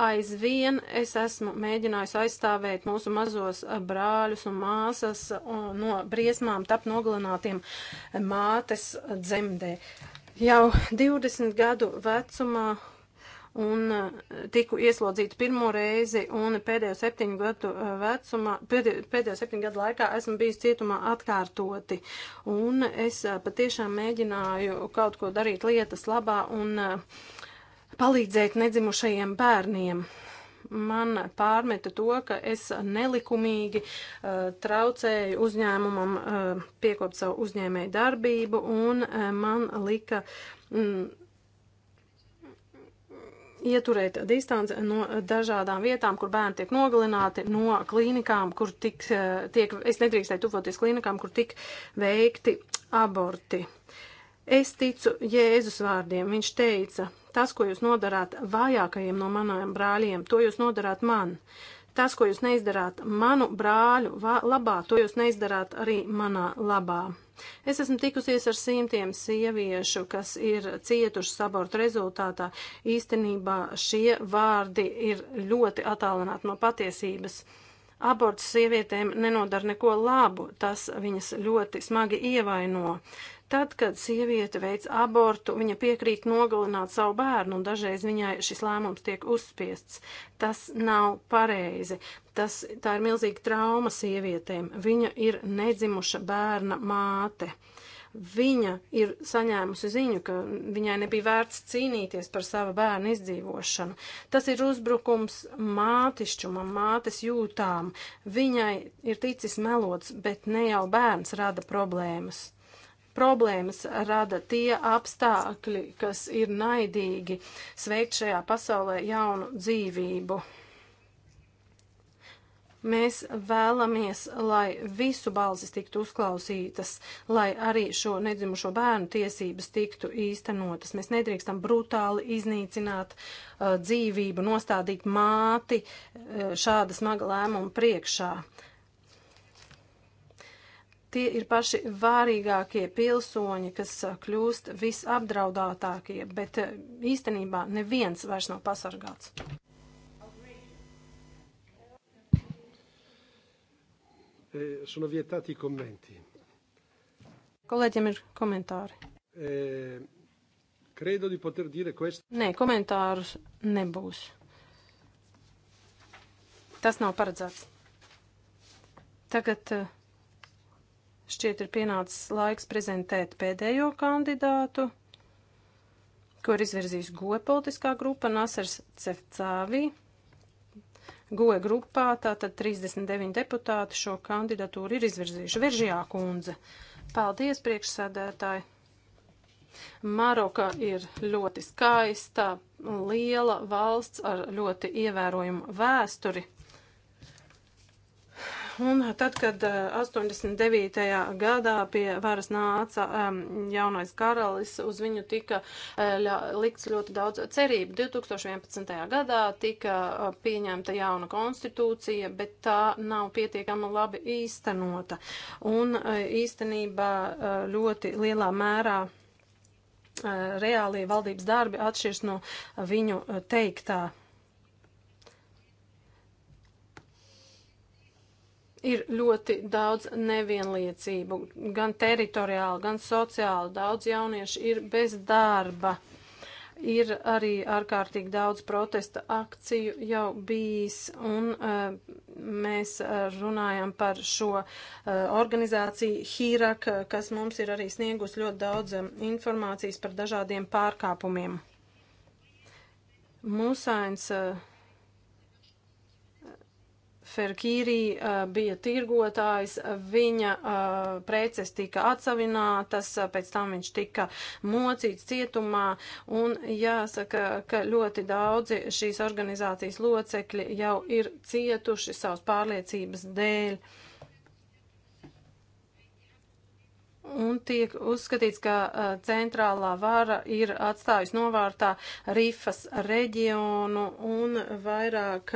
Aizvien es esmu mēģinājusi aizstāvēt mūsu mazos e, brāļus un māsas no briesmām tap nogalinātiem mātes dzemdē. Jau 20 gadu vecumā un eh, tiku ieslodzīta pirmo reizi, un pēdējo septiņu gadu eh, vecumā, pēdējo septiņu gadu laikā esmu bijis cietumā atkārtoti, un es eh, patiešām mēģināju kaut ko darīt lietas labā un palīdzēt nedzimušajiem bērniem man pārmeta to, ka es nelikumīgi uh, traucēju uzņēmumam uh, piekopt savu uzņēmēju darbību un uh, man lika mm, ieturēt distanci no dažādām vietām, kur bērni tiek nogalināti, no klīnikām, kur tik, eh, tiek, es nedrīkstēju tuvoties klīnikām, kur tik veikti aborti. Es ticu Jēzus vārdiem. Viņš teica, tas, ko jūs nodarāt vājākajiem no maniem brāļiem, to jūs nodarāt man. Uh, Tas, ko jūs neizdarāt manu brāļu labā, to jūs neizdarāt arī manā labā. Es esmu tikusies ar simtiem sieviešu, kas ir cietušas abortu rezultātā. Īstenībā šie vārdi ir ļoti attālināti no patiesības. Aborts sievietēm nenodara neko labu, tas viņas ļoti smagi ievaino. Tad, kad sieviete veic abortu, viņa piekrīt nogalināt savu bērnu, un dažreiz viņai šis lēmums tiek uzspiests. Tas nav pareizi. Tas, tā ir milzīga trauma sievietēm. Viņa ir nedzimuša bērna māte. Viņa ir saņēmusi ziņu, ka viņai nebija vērts cīnīties par sava bērna izdzīvošanu. Tas ir uzbrukums mātišķumam, mātes jūtām. Viņai ir ticis melots, bet ne jau bērns rada problēmas problēmas rada tie apstākļi, kas ir naidīgi sveikt šajā pasaulē jaunu dzīvību. Mēs vēlamies, lai visu balsis tiktu uzklausītas, lai arī šo nedzimušo bērnu tiesības tiktu īstenotas. Mēs nedrīkstam brutāli iznīcināt uh, dzīvību, nostādīt māti uh, šāda smaga lēmuma priekšā. Tie ir paši vārīgākie pilsoņi, kas uh, kļūst visapdraudātākie, bet uh, īstenībā neviens vairs nav pasargāts. Eh, sono vietati i commenti. Kolēģiem ir komentāri. Eh, credo di poter dire questo. Nē, komentārus nebūs. Tas nav paredzēts. Tagad uh, Šķiet ir pienācis laiks prezentēt pēdējo kandidātu, kur izvirzīs goja e politiskā grupa Nasars Cefcāvī. Goja e grupā tātad 39 deputāti šo kandidatūru ir izvirzījuši. Viržijā kundze. Paldies, priekšsēdētāji! Maroka ir ļoti skaista, liela valsts ar ļoti ievērojumu vēsturi. Un tad, kad 89. Eh, gadā pie varas nāca um, jaunais karalis, uz viņu tika eh, ļa, likts ļoti daudz cerību. 2011. gadā tika eh, pieņemta jauna konstitūcija, bet tā nav pietiekama labi īstenota. Un īstenībā ļoti lielā mērā reālie valdības darbi atšķirs no viņu teiktā. ir ļoti daudz nevienliecību, gan teritoriāli, gan sociāli. Daudz jauniešu ir bez darba. Ir arī ārkārtīgi daudz protesta akciju jau bijis, un uh, mēs eh, runājam par šo uh, organizāciju HIRAK, kas mums ir arī sniegus ļoti daudz informācijas par dažādiem pārkāpumiem. Mūsains uh, Ferkīrī uh, eh, bija tirgotājs, viņa uh, preces tika atsavinātas, eh, pēc tam viņš tika mocīts cietumā, un jāsaka, ka ļoti daudzi šīs organizācijas locekļi jau ir cietuši savas pārliecības dēļ. Uh, un tiek uzskatīts, ka centrālā vara ir atstājusi novārtā Rifas reģionu un vairāk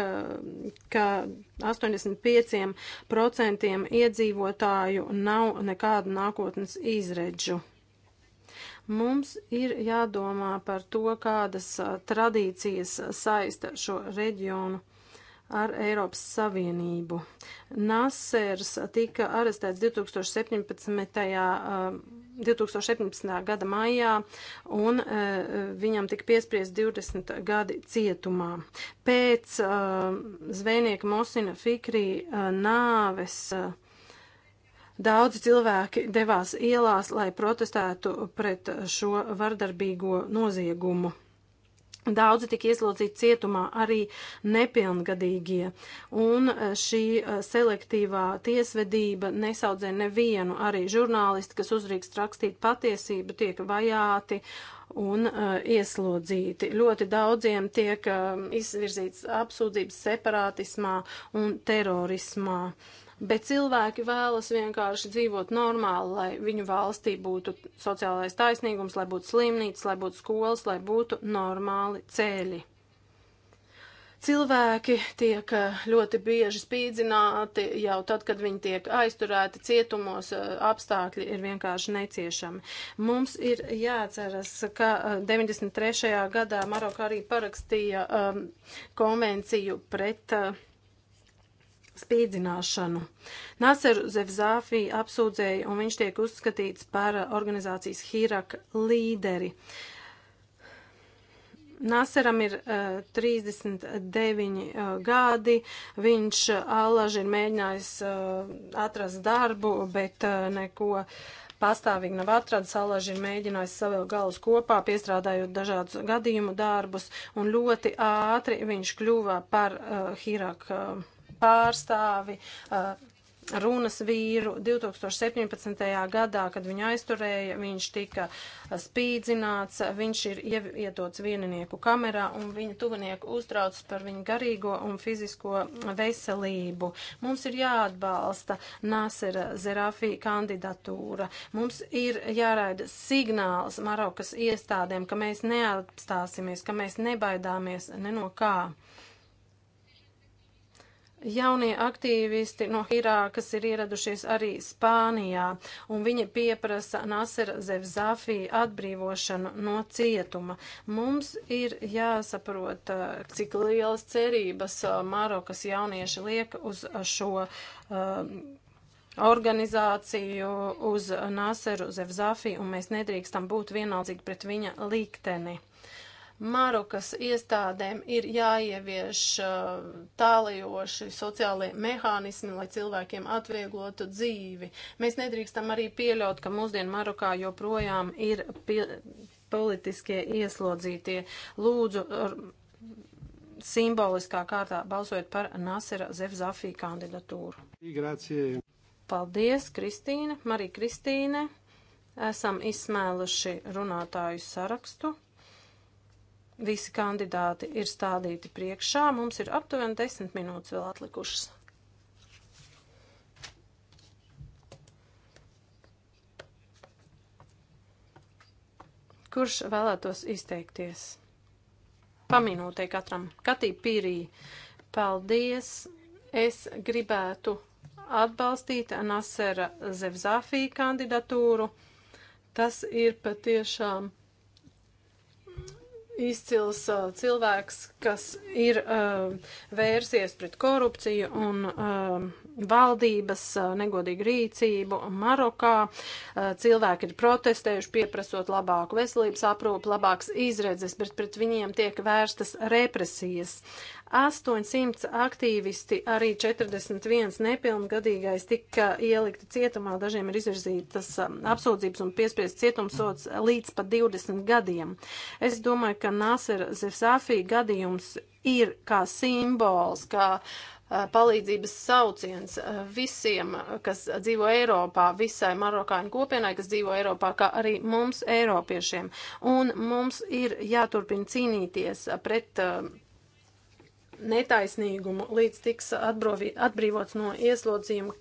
kā 85% iedzīvotāju nav nekādu nākotnes izredžu. Mums ir jādomā par to, kādas tradīcijas saista šo reģionu ar Eiropas Savienību. Nasers tika arestēts 2017. 2017. Um, gada maijā, un uh, viņam tika piespriezt 20 gadi cietumā. Pēc um, zvejnieka Mosina Fikrī uh, nāves uh, daudzi cilvēki devās ielās, lai protestētu pret šo vardarbīgo noziegumu. Daudzi tika ieslodzīti cietumā, arī nepilngadīgie, un e, šī e, selektīvā tiesvedība nesaudzē nevienu, arī žurnālisti, kas uzrīkst rakstīt patiesību, tiek vajāti un uh, ieslodzīti. Ļoti daudziem tiek uh, izvirzīts apsūdzības separātismā un terorismā. Uh, bet cilvēki vēlas vienkārši dzīvot normāli, lai viņu valstī būtu sociālais taisnīgums, lai būtu slimnīcas, lai būtu skolas, lai būtu normāli ceļi. Cilvēki tiek eh, ļoti bieži spīdzināti jau tad, kad viņi tiek aizturēti cietumos, eh, apstākļi ir vienkārši neciešami. Mums ir jāatceras, ka 93. Eh, gadā Maroka arī parakstīja um, konvenciju pret uh, spīdzināšanu. Naseru Zevzāfī apsūdzēja, un viņš tiek uzskatīts par organizācijas Hirak līderi. Naseram ir uh, 39 uh, gadi, viņš uh, allaži ir mēģinājis uh, atrast darbu, bet uh, neko uh, pastāvīgi nav atradis. Alaži ir mēģinājis savēl galus kopā, piestrādājot dažādus gadījumu darbus, un ļoti ātri viņš kļuva par uh, Hiraka uh, pārstāvi, eh, runas vīru 2017. gadā, kad viņu aizturēja, viņš tika eh, spīdzināts, viņš ir ievietots vieninieku kamerā un viņa tuvinieku uztrauc par viņu garīgo un fizisko veselību. Mums ir jāatbalsta Nasera Zerafī kandidatūra. Mums ir jāraida signāls Marokas iestādēm, ka mēs neatstāsimies, ka mēs nebaidāmies ne no kā. Jaunie aktīvisti no Irākas ir ieradušies arī Spānijā, un viņi pieprasa Nasera Zevzafī atbrīvošanu no cietuma. Mums ir jāsaprot, eh, cik lielas cerības eh, Marokas jaunieši liek uz šo um, organizāciju, uz Naseru Zevzafī, un mēs nedrīkstam būt vienaldzīgi pret viņa likteni. Uh, Marokas iestādēm ir jāievieš uh, tālajoši sociālie mehānismi, lai cilvēkiem atvieglotu dzīvi. Mēs nedrīkstam arī pieļaut, ka mūsdien Marokā joprojām ir pie, politiskie ieslodzītie. Lūdzu, simboliskā kārtā balsojot par Nasera Zevzafī kandidatūru. Grazie. Paldies, Kristīne, Marija Kristīne. Esam izsmēluši runātāju sarakstu. Visi kandidāti ir stādīti priekšā. Mums ir aptuveni desmit minūtes vēl atlikušas. Kurš vēlētos izteikties? Paminūtei katram. Katī pīrī. Paldies. Es gribētu atbalstīt Nasera Zevzāfī kandidatūru. Tas ir patiešām izcils uh, cilvēks, kas ir uh, vērsies pret korupciju un uh, valdības negodīgu rīcību Marokā. Cilvēki ir protestējuši, pieprasot labāku veselības aprūpu, labāks izredzes, bet pret viņiem tiek vērstas represijas. 800 aktīvisti, arī 41 nepilngadīgais tika ielikti cietumā, dažiem ir izvirzītas apsūdzības un piespriezt cietumsots līdz pat 20 gadiem. Es domāju, ka Nasser Zefsafī gadījums ir kā simbols, kā palīdzības sauciens visiem, kas dzīvo Eiropā, visai marokāņu kopienai, kas dzīvo Eiropā, kā arī mums, Eiropiešiem. Un mums ir jāturpina cīnīties pret netaisnīgumu, līdz tiks atbrīvots no ieslodzījuma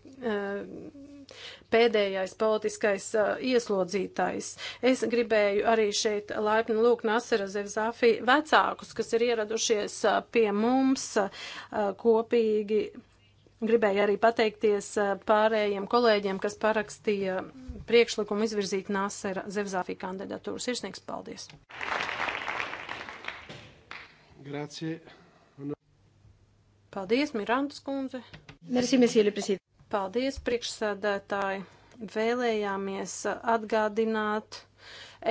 pēdējais politiskais uh, ieslodzītais. Es gribēju arī šeit laipni lūgt Nasera Zevzāfī vecākus, kas ir ieradušies uh, pie mums uh, kopīgi. Gribēju arī pateikties pārējiem kolēģiem, kas parakstīja priekšlikumu izvirzīt Nasera Zevzāfī kandidatūru. Sirsnīgs paldies! Grazie. Paldies, Mirantas kundze. Merci, monsieur le président. Paldies, priekšsēdētāji! Vēlējāmies atgādināt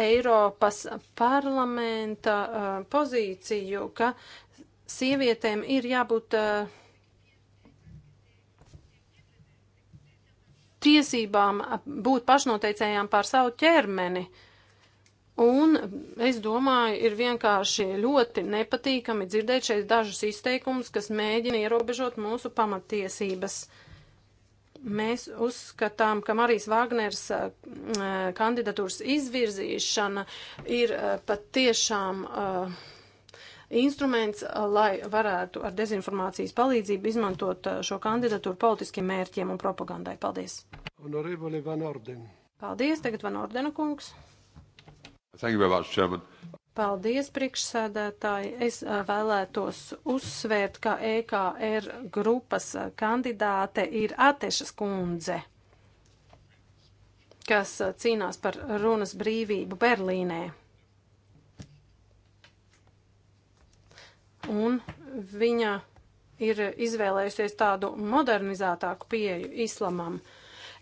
Eiropas parlamenta uh, pozīciju, ka sievietēm ir jābūt uh, tiesībām būt pašnoteicējām pār savu ķermeni. Un es domāju, ir vienkārši ļoti nepatīkami dzirdēt šeit dažus izteikumus, kas mēģina ierobežot mūsu pamatiesības. Uh, Mēs uzskatām, ka Marijas Vāgners eh, kandidatūras izvirzīšana ir eh, patiešām eh, instruments, lai varētu ar dezinformācijas palīdzību izmantot šo kandidatūru politiskiem mērķiem un propagandai. Paldies! Honorevole Van Orden. Paldies, tagad Van Ordena kungs. Thank you very much, Chairman. Paldies, priekšsēdētāji. Es vēlētos uzsvērt, ka EKR grupas kandidāte ir Atešas kundze, kas cīnās par runas brīvību Berlīnē. Un viņa ir izvēlējusies tādu modernizētāku pieju islamam. Uh,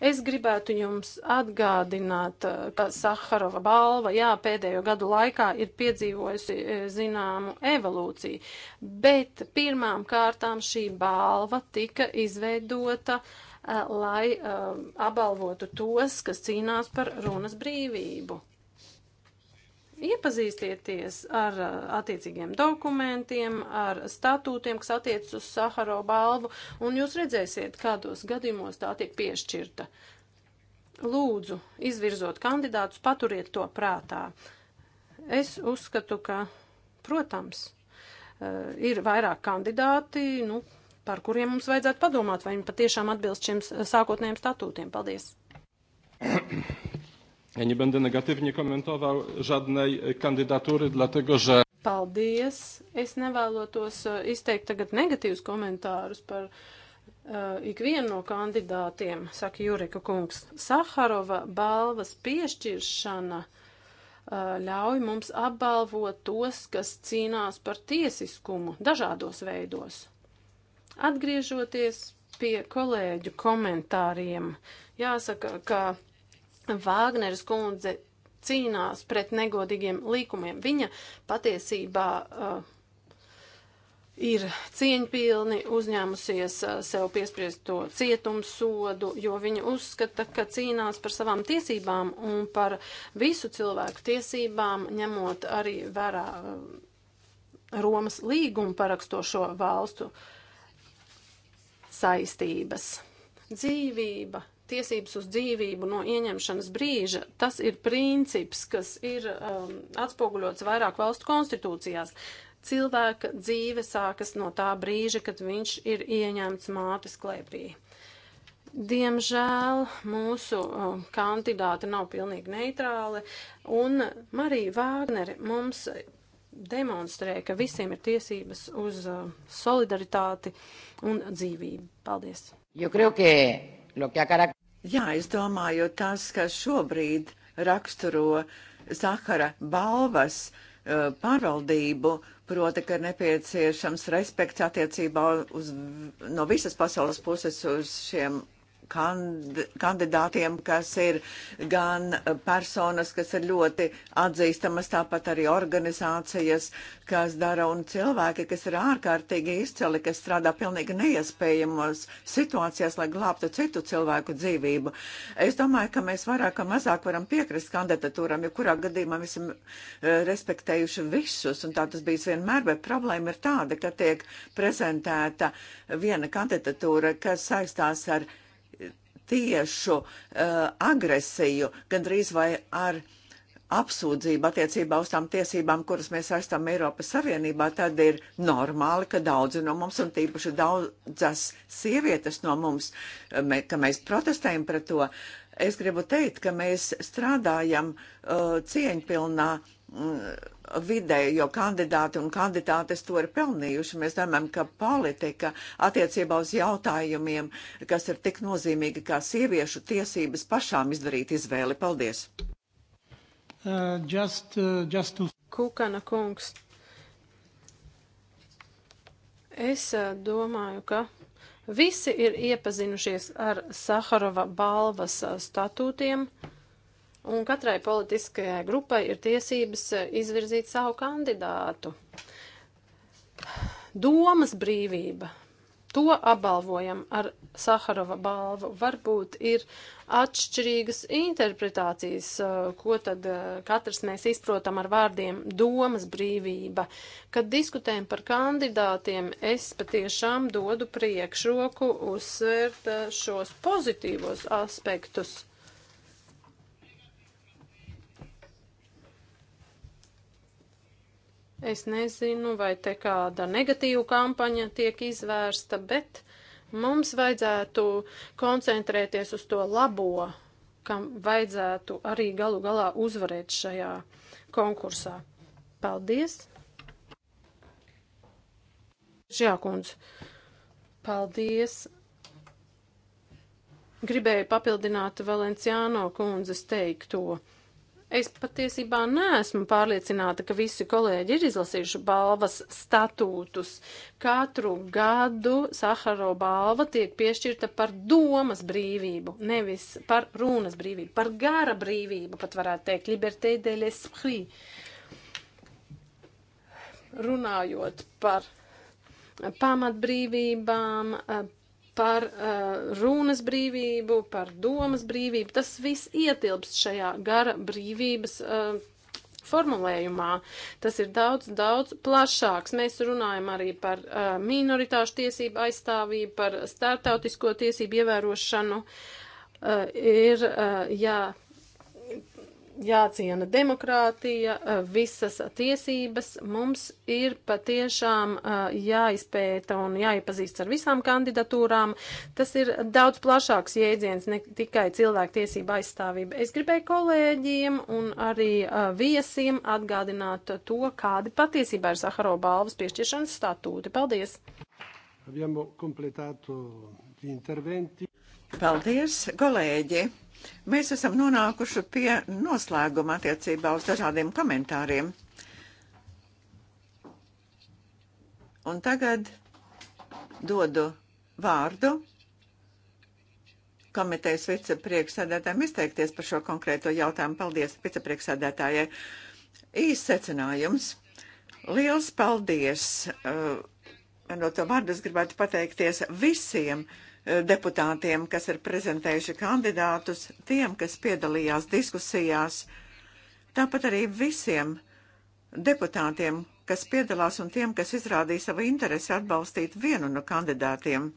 Es gribētu jums atgādināt, eh, ka Saharova balva, jā, pēdējo gadu laikā ir piedzīvojusi eh, zināmu evolūciju, bet pirmām kārtām šī balva tika izveidota, eh, lai apbalvotu tos, kas cīnās par runas brīvību. Iepazīstieties ar uh, attiecīgiem dokumentiem, ar statūtiem, kas attiecas uz Saharo balvu, un jūs redzēsiet, kādos gadījumos tā tiek piešķirta. Lūdzu, izvirzot kandidātus, paturiet to prātā. Es uzskatu, ka, protams, uh, ir vairāk kandidāti, nu, par kuriem mums vajadzētu padomāt, vai viņi patiešām atbilst šiem sākotnējiem statūtiem. Paldies! Ja nie będę negatywnie komentował żadnej e, kandydatury, dlatego że. Paldies! Es nevēlotos e, izteikt tagad negatīvus komentārus par uh, ikvienu no kandidātiem, saka Jurika kungs. Saharova balvas piešķiršana uh, ļauj mums apbalvot tos, kas cīnās par tiesiskumu dažādos veidos. Atgriežoties pie kolēģu komentāriem, jāsaka, ka Vāgneris kundze cīnās pret negodīgiem līkumiem. Viņa patiesībā uh, ir cieņpilni uzņēmusies uh, sev piespriesto cietumsodu, jo viņa uzskata, ka cīnās par savām tiesībām un par visu cilvēku tiesībām, ņemot arī vērā uh, Romas līgumu parakstošo valstu saistības. Dzīvība, tiesības uz dzīvību no ieņemšanas brīža, tas ir princips, kas ir um, atspoguļots vairāk valstu konstitūcijās. Cilvēka dzīve sākas no tā brīža, kad viņš ir ieņemts mātes klēpī. Diemžēl mūsu um, kandidāti nav pilnīgi neitrāli, un Marija Vāgneri mums demonstrē, ka visiem ir tiesības uz uh, solidaritāti un dzīvību. Paldies! Yo creo que lo que ha Jā, es domāju, tas, kas šobrīd raksturo Sahara balvas uh, pārvaldību, proti, ka ir nepieciešams respekts attiecībā uz, no visas pasaules puses uz šiem kandidātiem, kas ir gan personas, kas ir ļoti atzīstamas, tāpat arī organizācijas, kas dara un cilvēki, kas ir ārkārtīgi izceli, kas strādā pilnīgi neiespējamos situācijās, lai glābtu citu cilvēku dzīvību. Es domāju, ka mēs vairāk vai mazāk varam piekrist kandidatūram, jo kurā gadījumā mēs esam eh, respektējuši visus, un tā tas bijis vienmēr, bet problēma ir tāda, ka tiek prezentēta viena kandidatūra, kas saistās ar tiešu e, agresiju gandrīz vai ar apsūdzību attiecībā uz tām tiesībām, kuras mēs aizstāvam Eiropas Savienībā, tad ir normāli, ka daudzi no mums, un tīpaši daudzas sievietes no mums, e, mē, ka mēs protestējam pret to. Es gribu teikt, ka mēs strādājam uh, cieņpilnā. Uh, vidējo kandidāti un kandidātes to ir pelnījuši. Mēs domājam, ka politika attiecībā uz jautājumiem, kas ir tik nozīmīgi kā sieviešu tiesības pašām izdarīt izvēli. Paldies! Uh, just, uh, just to... Kukana kungs. Es uh, domāju, ka visi ir iepazinušies ar Saharova balvas uh, statūtiem. Uh, Un katrai politiskajai grupai ir tiesības izvirzīt savu kandidātu. Domas brīvība. To apbalvojam ar Saharova balvu. Varbūt ir atšķirīgas interpretācijas, eh, ko tad eh, katrs mēs izprotam ar vārdiem domas brīvība. Kad diskutējam par kandidātiem, es patiešām dodu priekšroku uzsvērt eh, šos pozitīvos aspektus. Es nezinu, vai te kāda negatīva kampaņa tiek izvērsta, bet mums vajadzētu koncentrēties uz to labo, kam vajadzētu arī galu galā uzvarēt šajā konkursā. Paldies! Žākundz, paldies! Gribēju papildināt Valenciāno kundzes teikto. Es patiesībā neesmu pārliecināta, ka visi kolēģi ir izlasījuši balvas statūtus. Katru gadu Saharo balva tiek piešķirta par domas brīvību, nevis par runas brīvību, par gara brīvību, pat varētu teikt, liberté de l'esprit. Runājot par pamatbrīvībām, par uh, runas brīvību, par domas brīvību. Tas viss ietilpst šajā gara brīvības uh, formulējumā. Tas ir daudz, daudz plašāks. Mēs runājam arī par uh, minoritāšu tiesību aizstāvību, par startautisko tiesību ievērošanu. Uh, ir uh, jā, jāciena demokrātija, visas tiesības. Mums ir patiešām jāizpēta un jāiepazīst ar visām kandidatūrām. Tas ir daudz plašāks jēdziens, ne tikai cilvēktiesība aizstāvība. Es gribēju kolēģiem un arī viesiem atgādināt to, kādi patiesībā ir Saharo balvas piešķiršanas statūti. Paldies! Abbiamo completato gli interventi. Paldies, kolēģi! Mēs esam nonākuši pie noslēguma attiecībā uz dažādiem komentāriem. Un tagad dodu vārdu komitejas vicepriekšsēdētājiem izteikties par šo konkrēto jautājumu. Paldies vicepriekšsēdētājai. Īs secinājums. Liels paldies! Uh, no to vārdu es gribētu pateikties visiem uh, deputātiem, kas ir prezentējuši kandidātus, tiem, kas piedalījās diskusijās, tāpat arī visiem deputātiem, kas piedalās un tiem, kas izrādīja savu interesi atbalstīt vienu no kandidātiem.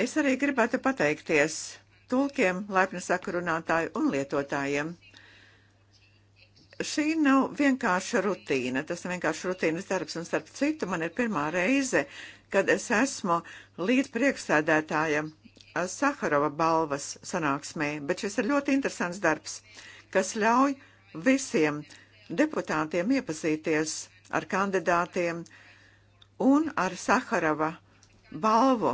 Es arī gribētu pateikties tulkiem, laipni sakurunātāju un lietotājiem. Šī nav vienkārša rutīna, tas nav vienkārši rutīnas darbs, un starp citu man ir pirmā reize, kad es esmu līdz priekšsēdētājam Saharova balvas sanāksmē, bet šis ir ļoti interesants darbs, kas ļauj visiem deputātiem iepazīties ar kandidātiem un ar Saharova balvu,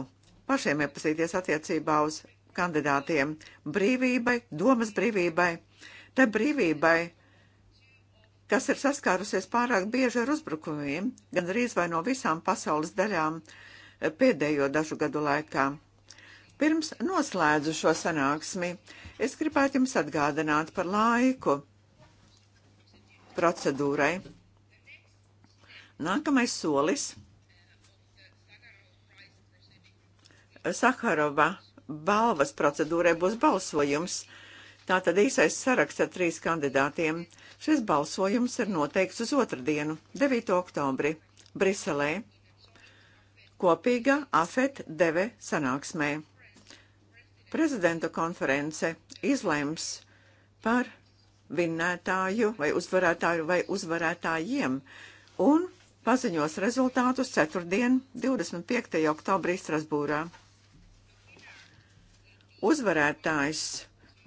pašiem iepazīties attiecībā uz kandidātiem brīvībai, domas brīvībai, te brīvībai kas ir saskārusies pārāk bieži ar uzbrukumiem, gan arī vai no visām pasaules daļām eh, pēdējo dažu gadu laikā. Pirms noslēdzu šo sanāksmi, es gribētu jums atgādināt par laiku procedūrai. Nākamais solis Saharova balvas procedūrai būs balsojums Tātad īsais saraksts ar trīs kandidātiem. Šis balsojums ir noteikts uz otrdienu, 9. oktobri, Briselē, kopīga AFET deve sanāksmē. Prezidenta konference izlems par vinnētāju vai uzvarētāju vai uzvarētājiem un paziņos rezultātus ceturtdien, 25. oktobrī Strasbūrā. Uzvarētājs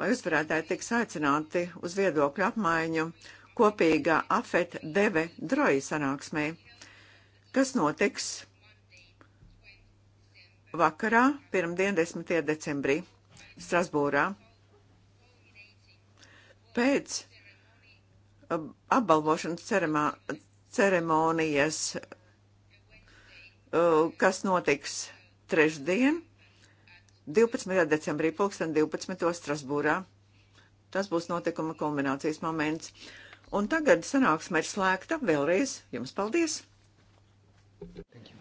lai uzvarētāji tiks aicināti uz viedokļu apmaiņu kopīgā afet deve droji sanāksmē, kas notiks vakarā, pirmdien 10. decembrī, Strasbūrā. Pēc apbalvošanas ceremā, ceremonijas, uh, kas notiks trešdien, 12. decembrī, 2012. Strasbūrā. Tas būs notikuma kulminācijas moments. Un tagad sanāksme ir slēgta. Vēlreiz jums paldies! Thank you.